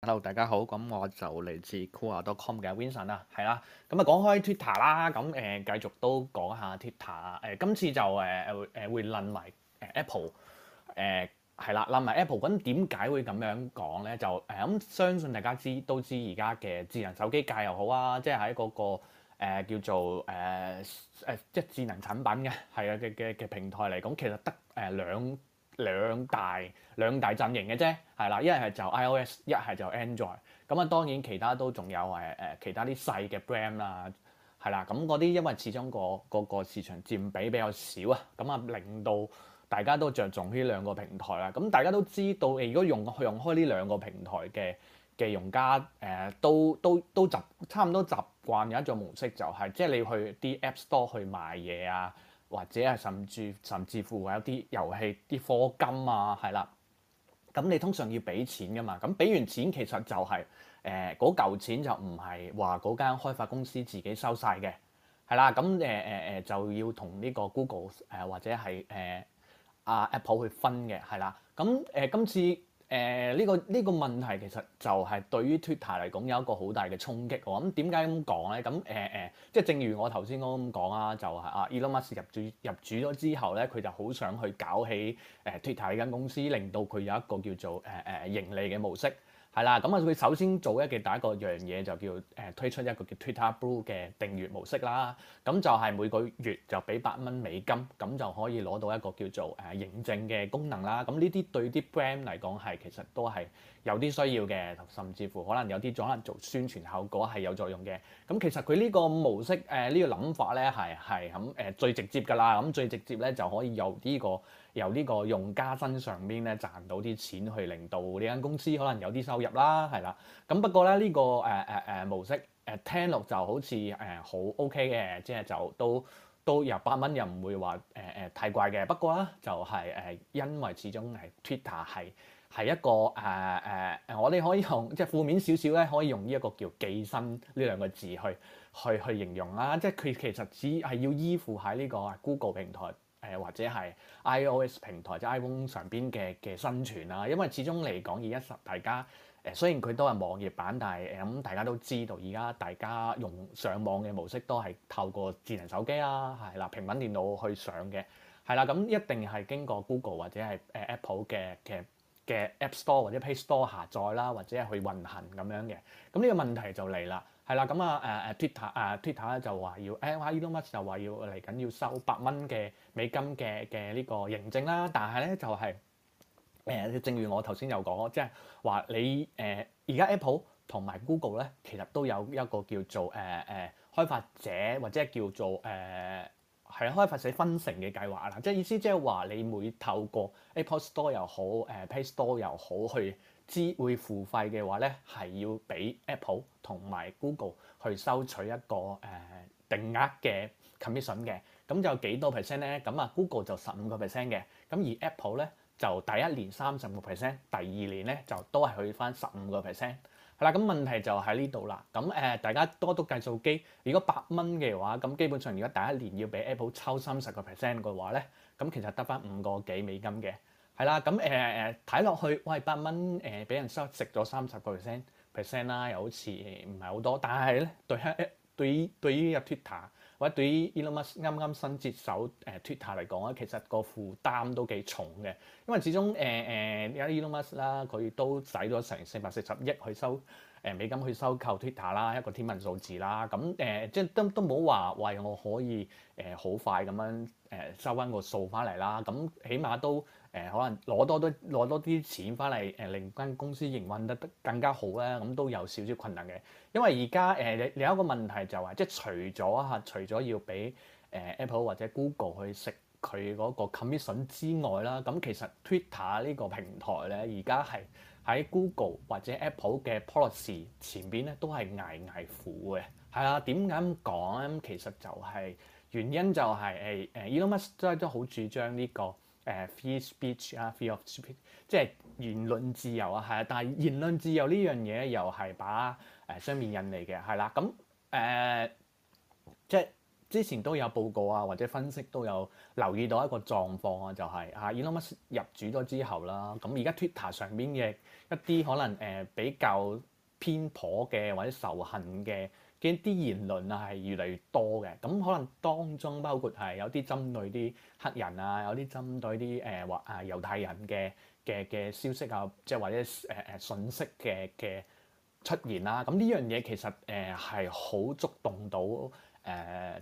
hello，大家好，咁我就嚟自 cool.com 嘅 Vincent 啊，係啦，咁啊講開 Twitter 啦，咁、呃、誒繼續都講下 Twitter，誒、呃、今次就誒誒誒會論埋 Apple，誒、呃、係啦，論埋 Apple，咁點解會咁樣講咧？就誒咁、呃、相信大家知都知而家嘅智能手機界又好啊，即係喺個個。誒、呃、叫做誒誒即係智能產品嘅係啊嘅嘅嘅平台嚟講，其實得誒兩兩大兩大陣營嘅啫，係啦，一係就 iOS，一係就 Android、嗯。咁啊，當然其他都仲有誒誒、呃、其他啲細嘅 brand 啦、啊，係啦。咁嗰啲因為始終個嗰市場佔比比較少啊，咁、嗯、啊令到大家都着重呢兩個平台啦。咁、嗯、大家都知道，如果用用開呢兩個平台嘅。使用家誒、呃、都都都習差唔多習慣有一種模式、就係，就係即係你去啲 App Store 去買嘢啊，或者係甚至甚至乎話有啲遊戲啲課金啊，係啦，咁你通常要俾錢噶嘛，咁俾完錢其實就係誒嗰嚿錢就唔係話嗰間開發公司自己收晒嘅，係啦，咁誒誒誒就要同呢個 Google 誒、呃、或者係誒啊 Apple 去分嘅，係啦，咁、嗯、誒、呃、今次。誒呢、呃這個呢、這個問題其實就係對於 Twitter 嚟講有一個好大嘅衝擊喎，咁點解咁講咧？咁誒誒，即、呃、係正如我頭先我咁講啊，就係、是、阿 Elon Musk 入主入主咗之後咧，佢就好想去搞起誒、呃、Twitter 呢間公司，令到佢有一個叫做誒誒、呃、盈利嘅模式。係啦，咁啊佢首先做一嘅第一個樣嘢就叫誒推出一個叫 Twitter Blue 嘅訂閱模式啦。咁就係每個月就俾八蚊美金，咁就可以攞到一個叫做誒認證嘅功能啦。咁呢啲對啲 brand 嚟講係其實都係有啲需要嘅，甚至乎可能有啲可能做宣傳效果係有作用嘅。咁其實佢呢個模式誒、呃呢個、呢個諗法咧係係咁誒最直接㗎啦。咁最直接咧就可以由呢、呢個。由呢個用家身上邊咧賺到啲錢，去令到呢間公司可能有啲收入啦，係啦。咁不過咧，呢、這個誒誒誒模式誒、呃、聽落就好似誒、呃、好 O K 嘅，即係就都都入八蚊又唔會話誒誒太貴嘅。不過咧就係誒，因為始終係 Twitter 係係一個誒誒、呃呃，我哋可以用即係負面少少咧，可以用呢一個叫寄生呢兩個字去去去形容啦。即係佢其實只係要依附喺呢個 Google 平台。誒或者係 iOS 平台即 iPhone 上邊嘅嘅生存啦，因為始終嚟講而家實大家誒，雖然佢都係網頁版，但係誒咁大家都知道而家大家用上網嘅模式都係透過智能手機啦，係啦平板電腦去上嘅，係啦咁一定係經過 Google 或者係 Apple 嘅嘅嘅 App Store 或者 Play Store 下載啦，或者係去運行咁樣嘅，咁、這、呢個問題就嚟啦。係啦，咁、嗯、啊，誒誒 Twitter，誒 Twitter 咧就話要，Apple，Elon Musk 就話要嚟緊要收八蚊嘅美金嘅嘅呢個認證啦。但係咧就係、是、誒、呃，正如我頭先有講咯，即、就、係、是、話你誒而家 Apple 同埋 Google 咧，其實都有一個叫做誒誒、呃、開發者或者叫做誒係、呃、開發者分成嘅計劃啦。即係意思即係話你每透過 Apple Store 又好，誒、呃、Play Store 又好去。支會付費嘅話咧，係要俾 Apple 同埋 Google 去收取一個誒、呃、定額嘅 commission 嘅，咁就幾多 percent 咧？咁啊 Google 就十五個 percent 嘅，咁而 Apple 咧就第一年三十個 percent，第二年咧就都係去翻十五個 percent。係啦，咁問題就喺呢度啦。咁誒，大家多讀計數機，如果八蚊嘅話，咁基本上如果第一年要俾 Apple 抽三十個 percent 嘅話咧，咁其實得翻五個幾美金嘅。係啦，咁誒誒睇落去，喂八蚊誒俾人收，食咗三十個 percent percent 啦，又好似唔係好多。但係咧，對一對對於個 Twitter 或者對於 Elon Musk 啱啱新接手誒 Twitter 嚟講咧，其實個負擔都幾重嘅，因為始終誒誒、呃、而家 Elon Musk 啦，佢都使咗成四百四十億去收誒、呃、美金去收購 Twitter 啦，一個天文數字啦。咁誒、呃、即係都都冇話喂我可以誒好、呃、快咁樣。誒收翻個數翻嚟啦，咁起碼都誒、呃、可能攞多啲攞多啲錢翻嚟，誒令間公司營運得更加好咧，咁都有少少困難嘅。因為而家誒你有一個問題就係、是，即係除咗嚇除咗要俾誒 Apple 或者 Google 去食佢嗰個 commission 之外啦，咁其實 Twitter 呢個平台咧，而家係喺 Google 或者 Apple 嘅 policy 前邊咧，都係捱捱苦嘅。係啊，點解咁講咧？其實就係原因就係誒誒，Elon Musk 都都好主張呢個誒 free、呃、speech 啊，free of speech，即係言論自由啊。係啊，但係言論自由呢樣嘢又係把誒雙、呃、面刃嚟嘅係啦。咁誒、嗯呃、即係之前都有報告啊，或者分析都有留意到一個狀況啊，就係、係、啊，Elon Musk 入主咗之後啦，咁、啊、而家 Twitter 上邊嘅一啲可能誒、呃、比較偏頗嘅或者仇恨嘅。嘅啲言論啊，係越嚟越多嘅，咁可能當中包括係有啲針對啲黑人啊，有啲針對啲誒或啊猶太人嘅嘅嘅消息啊，即係或者誒誒信息嘅嘅出現啦，咁呢樣嘢其實誒係好觸動到誒，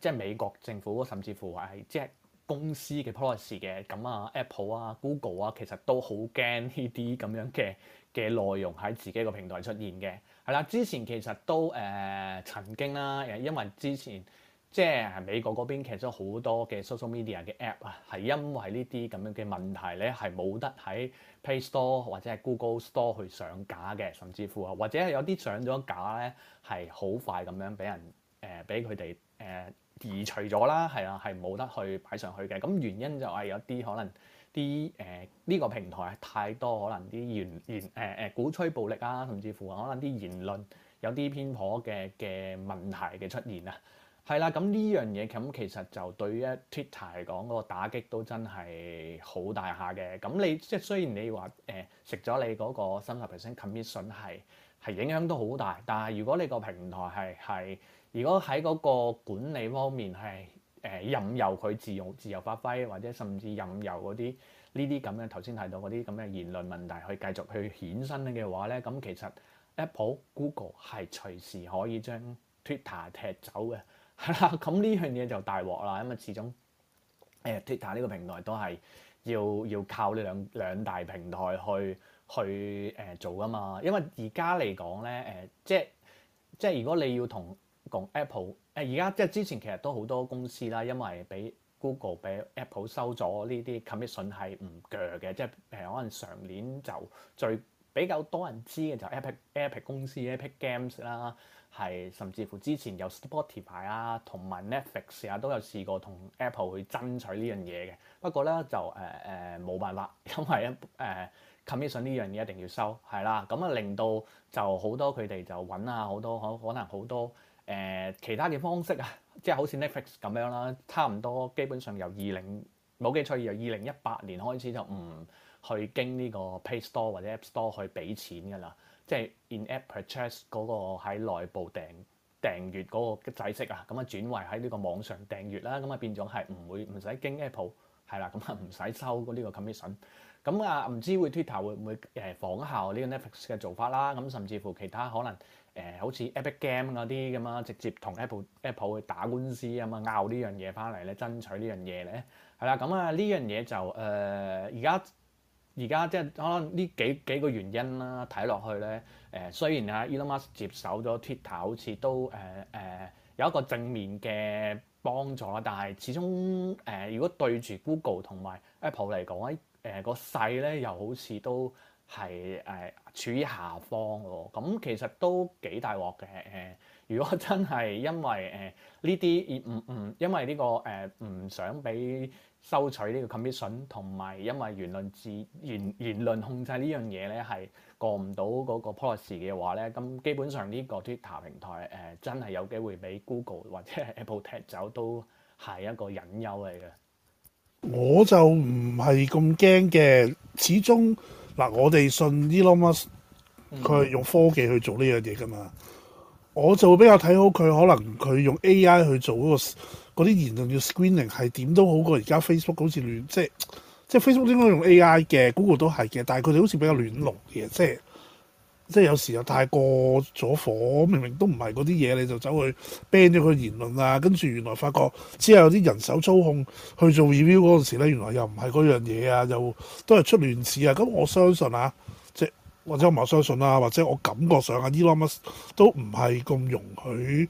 即係美國政府甚至乎係即係。公司嘅 policy 嘅咁啊，Apple 啊、Google 啊，其實都好驚呢啲咁樣嘅嘅內容喺自己個平台出現嘅。係啦，之前其實都誒、呃、曾經啦，誒因為之前即係美國嗰邊其實好多嘅 social media 嘅 app 啊，係因為呢啲咁樣嘅問題咧，係冇得喺 Play Store 或者係 Google Store 去上架嘅，甚至乎啊，或者有啲上咗架咧，係好快咁樣俾人誒俾佢哋誒。呃移除咗啦，係啊，係冇得去擺上去嘅。咁原因就係有啲可能啲誒呢個平台太多可能啲言言誒誒鼓吹暴力啊，甚至乎可能啲言論有啲偏頗嘅嘅問題嘅出現啊。係啦，咁呢樣嘢咁其實就對於 Twitter 嚟講嗰個打擊都真係好大下嘅。咁你即係雖然你話誒食咗你嗰個三十 percent commission 係。係影響都好大，但係如果你個平台係係，如果喺嗰個管理方面係誒、呃、任由佢自由自由發揮，或者甚至任由嗰啲呢啲咁樣頭先提到嗰啲咁嘅言論問題去繼續去衍生嘅話咧，咁其實 Apple、Google 係隨時可以將 Twitter 踢走嘅，係啦，咁呢樣嘢就大鍋大鑊啦，因為始終誒、呃、Twitter 呢個平台都係要要靠呢兩兩大平台去。去誒做㗎嘛，因為而家嚟講咧誒，即係即係如果你要同共 Apple 誒，而家即係之前其實都好多公司啦，因為俾 Google 俾 Apple 收咗呢啲 commission 係唔鋸嘅，即係誒可能上年就最比較多人知嘅就 Epic Epic 公司 Epic Games 啦。係，甚至乎之前有 Spotify 啊，同埋 Netflix 啊，都有試過同 Apple 去爭取呢樣嘢嘅。不過咧就誒誒冇辦法，因為一誒、呃、commission 呢樣嘢一定要收，係啦。咁啊令到就好多佢哋就揾啊，好多可可能好多誒、呃、其他嘅方式啊，即係好似 Netflix 咁樣啦，差唔多基本上由二零冇記錯，由二零一八年開始就唔去經呢個 Play Store 或者 App Store 去俾錢㗎啦。即係 in-app purchase 嗰個喺內部訂訂閱嗰個制式啊，咁啊轉為喺呢個網上訂閱啦，咁啊變咗係唔會唔使經 Apple 係啦，咁啊唔使收呢個 commission。咁啊唔知會 Twitter 會唔會誒仿效呢個 Netflix 嘅做法啦？咁甚至乎其他可能誒、呃、好似 Epic Game 嗰啲咁啊，直接同 Apple Apple 去打官司啊嘛，拗呢樣嘢翻嚟咧，爭取呢樣嘢咧，係、呃、啦。咁啊呢樣嘢就誒而家。而家即係可能呢幾幾個原因啦，睇落去咧，誒、呃、雖然啊、e、Elon Musk 接手咗 Twitter，好似都誒誒、呃呃、有一個正面嘅幫助啦，但係始終誒、呃、如果對住 Google 同埋 Apple 嚟講咧，誒個勢咧又好似都係誒、呃、處於下方咯，咁、嗯、其實都幾大鑊嘅。呃如果真係因為誒呢啲唔唔因為呢、這個誒唔、呃、想俾收取呢個 commission 同埋因為言論自言言論控制呢樣嘢咧係過唔到嗰個 policy 嘅話咧，咁、嗯、基本上呢個 Twitter 平台誒、呃、真係有機會俾 Google 或者 Apple a t 踢走，都係一個隱憂嚟嘅。我就唔係咁驚嘅，始終嗱我哋信 Elon Musk 佢係用科技去做呢樣嘢噶嘛。我就會比較睇好佢，可能佢用 AI 去做嗰個嗰啲言論叫 screening，係點都好過而家 Facebook 好似亂，即係即係 Facebook 應該用 AI 嘅，Google 都係嘅，但係佢哋好似比較亂龍嘅，即係即係有時又太過咗火，明明都唔係嗰啲嘢，你就走去 ban 咗佢言論啊，跟住原來發覺之後有啲人手操控去做 review 嗰陣時咧，原來又唔係嗰樣嘢啊，又都係出亂子啊，咁我相信啊。或者我唔係相信啦、啊，或者我感覺上啊 Elon Musk 都唔係咁容許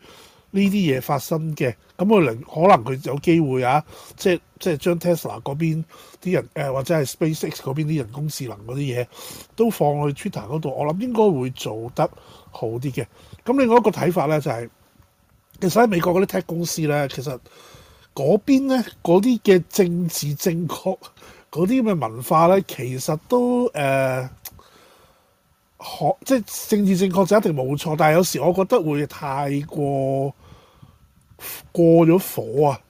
呢啲嘢發生嘅。咁佢可能佢有機會啊，即即係將 Tesla 嗰邊啲人誒、呃，或者係 SpaceX 嗰邊啲人工智能嗰啲嘢都放去 Twitter 嗰度。我諗應該會做得好啲嘅。咁另外一個睇法咧就係、是、其實喺美國嗰啲 Tech 公司咧，其實嗰邊咧嗰啲嘅政治正確嗰啲咁嘅文化咧，其實都誒。呃學即係政治正確就一定冇錯，但係有時我覺得會太過過咗火啊！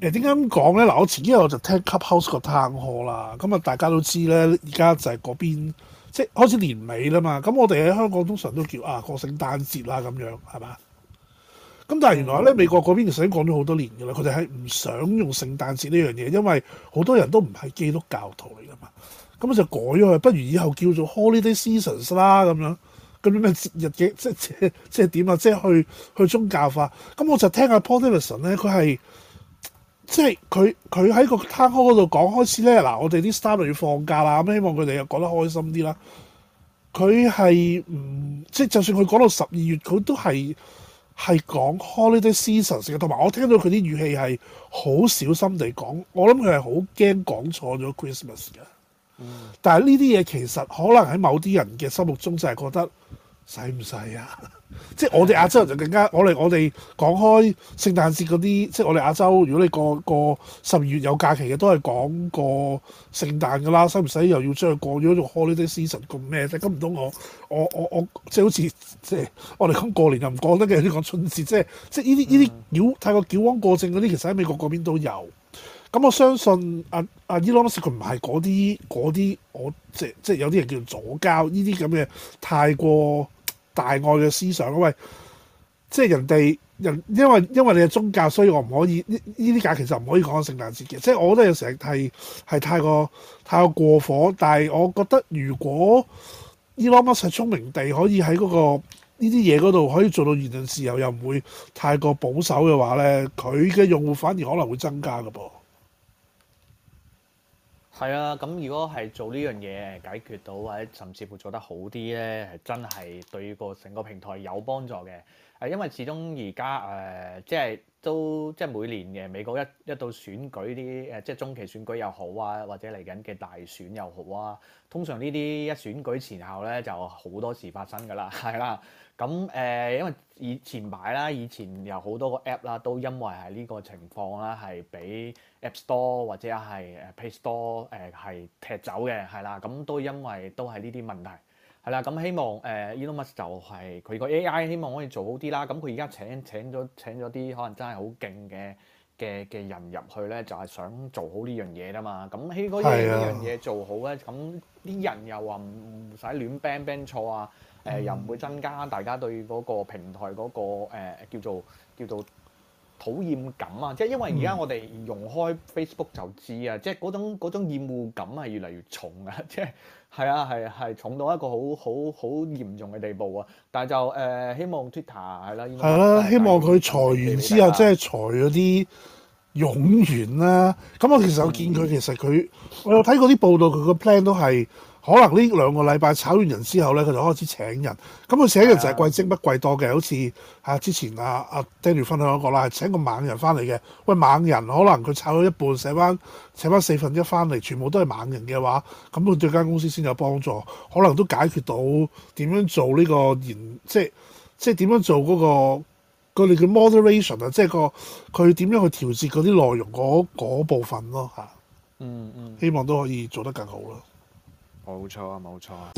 誒點解咁講咧？嗱，我前幾日我就聽 Clubhouse 個 talk 啦，咁、嗯、啊大家都知咧，而家就係嗰邊即係開始年尾啦嘛，咁、嗯、我哋喺香港通常都叫啊過聖誕節啦咁樣，係嘛？咁但係原來咧，美國嗰邊其實已經講咗好多年噶啦，佢哋係唔想用聖誕節呢樣嘢，因為好多人都唔係基督教徒嚟噶嘛。咁就改咗佢，不如以後叫做 Holiday Seasons 啦咁、嗯、樣。咁啲咩節日嘅即係即係點啊？即係去去宗教化。咁我就聽阿 Paul Davidson 咧，佢係即係佢佢喺個 talk 嗰度講開始咧。嗱，我哋啲 staff 要放假啦，咁希望佢哋又講得開心啲啦。佢係唔即係就算佢講到十二月，佢都係。係講 holiday seasons 嘅，同埋我聽到佢啲語氣係好小心地講，我諗佢係好驚講錯咗 Christmas 嘅。但係呢啲嘢其實可能喺某啲人嘅心目中就係覺得。使唔使啊？ 即係我哋亞洲人就更加，的我哋我哋講開聖誕節嗰啲，即係我哋亞洲，如果你過過十二月有假期嘅，都係講個聖誕噶啦，使唔使又要將佢過咗做 holiday season 咁咩啫？咁唔通我我我我即係好似即係我哋講過年又唔過得嘅，要、這、講、個、春節，即係即係呢啲呢啲驕太過矯枉過正嗰啲，其實喺美國嗰邊都有。咁、嗯、我相信阿阿 Elon Musk 佢唔係嗰啲嗰啲，我即即係有啲人叫左膠，呢啲咁嘅，太過。大愛嘅思想因為，即係人哋人，因為因為你係宗教，所以我唔可以呢依啲假，其實唔可以講聖誕節嘅。即係我覺得有時係係太過太過過火，但係我覺得如果 Elon Musk 聰明地可以喺嗰、那個呢啲嘢嗰度可以做到言論自由，又唔會太過保守嘅話咧，佢嘅用戶反而可能會增加嘅噃。係啊，咁如果係做呢樣嘢解決到，或者甚至乎做得好啲咧，係真係對個成個平台有幫助嘅。因為始終而家誒，即係都即係每年嘅美國一一到選舉啲誒，即係中期選舉又好啊，或者嚟緊嘅大選又好啊，通常呢啲一選舉前後咧就好多事發生㗎啦，係啦。咁、呃、誒，因為以前排啦，以前有好多個 App 啦、呃，都因為係呢個情況啦，係俾 App Store 或者係 Play Store 誒係踢走嘅，係啦。咁都因為都係呢啲問題。係啦，咁、嗯、希望誒、呃、Elon Musk 就係佢個 AI，希望可以做好啲啦。咁佢而家請請咗請咗啲可能真係好勁嘅嘅嘅人入去咧，就係、是、想做好呢樣嘢啫嘛。咁希望呢樣嘢做好咧，咁啲人又話唔使亂 ban ban 錯啊。誒、呃，嗯、又唔會增加大家對嗰個平台嗰、那個叫做、呃、叫做。叫做討厭感啊！即係因為而家我哋用開 Facebook 就知啊！嗯、即係嗰種嗰種厭惡感係越嚟越重啊！即係係啊係啊係重到一個好好好嚴重嘅地步啊！但係就誒希望 Twitter 係啦，係、呃、啦，希望佢裁完之後即係裁嗰啲冗員啦。咁我其實我見佢、嗯、其實佢我有睇過啲報道，佢個 plan 都係。可能呢兩個禮拜炒完人之後呢，佢就開始請人。咁佢請人就係貴精不貴多嘅，好似嚇之前阿、啊、阿、啊、Daniel 分享嗰個啦，係請個猛人翻嚟嘅。喂，猛人可能佢炒咗一半，請翻請翻四分一翻嚟，全部都係猛人嘅話，咁佢對間公司先有幫助。可能都解決到點樣做呢、呢個嚴，即係即係點樣做嗰、嗰個佢哋嘅 moderation 啊，mod eration，即係、嗰個佢點樣去調節嗰啲內容嗰部分咯嚇。嗯，希望都可以做得更好咯。嗯嗯。冇錯啊！冇錯啊！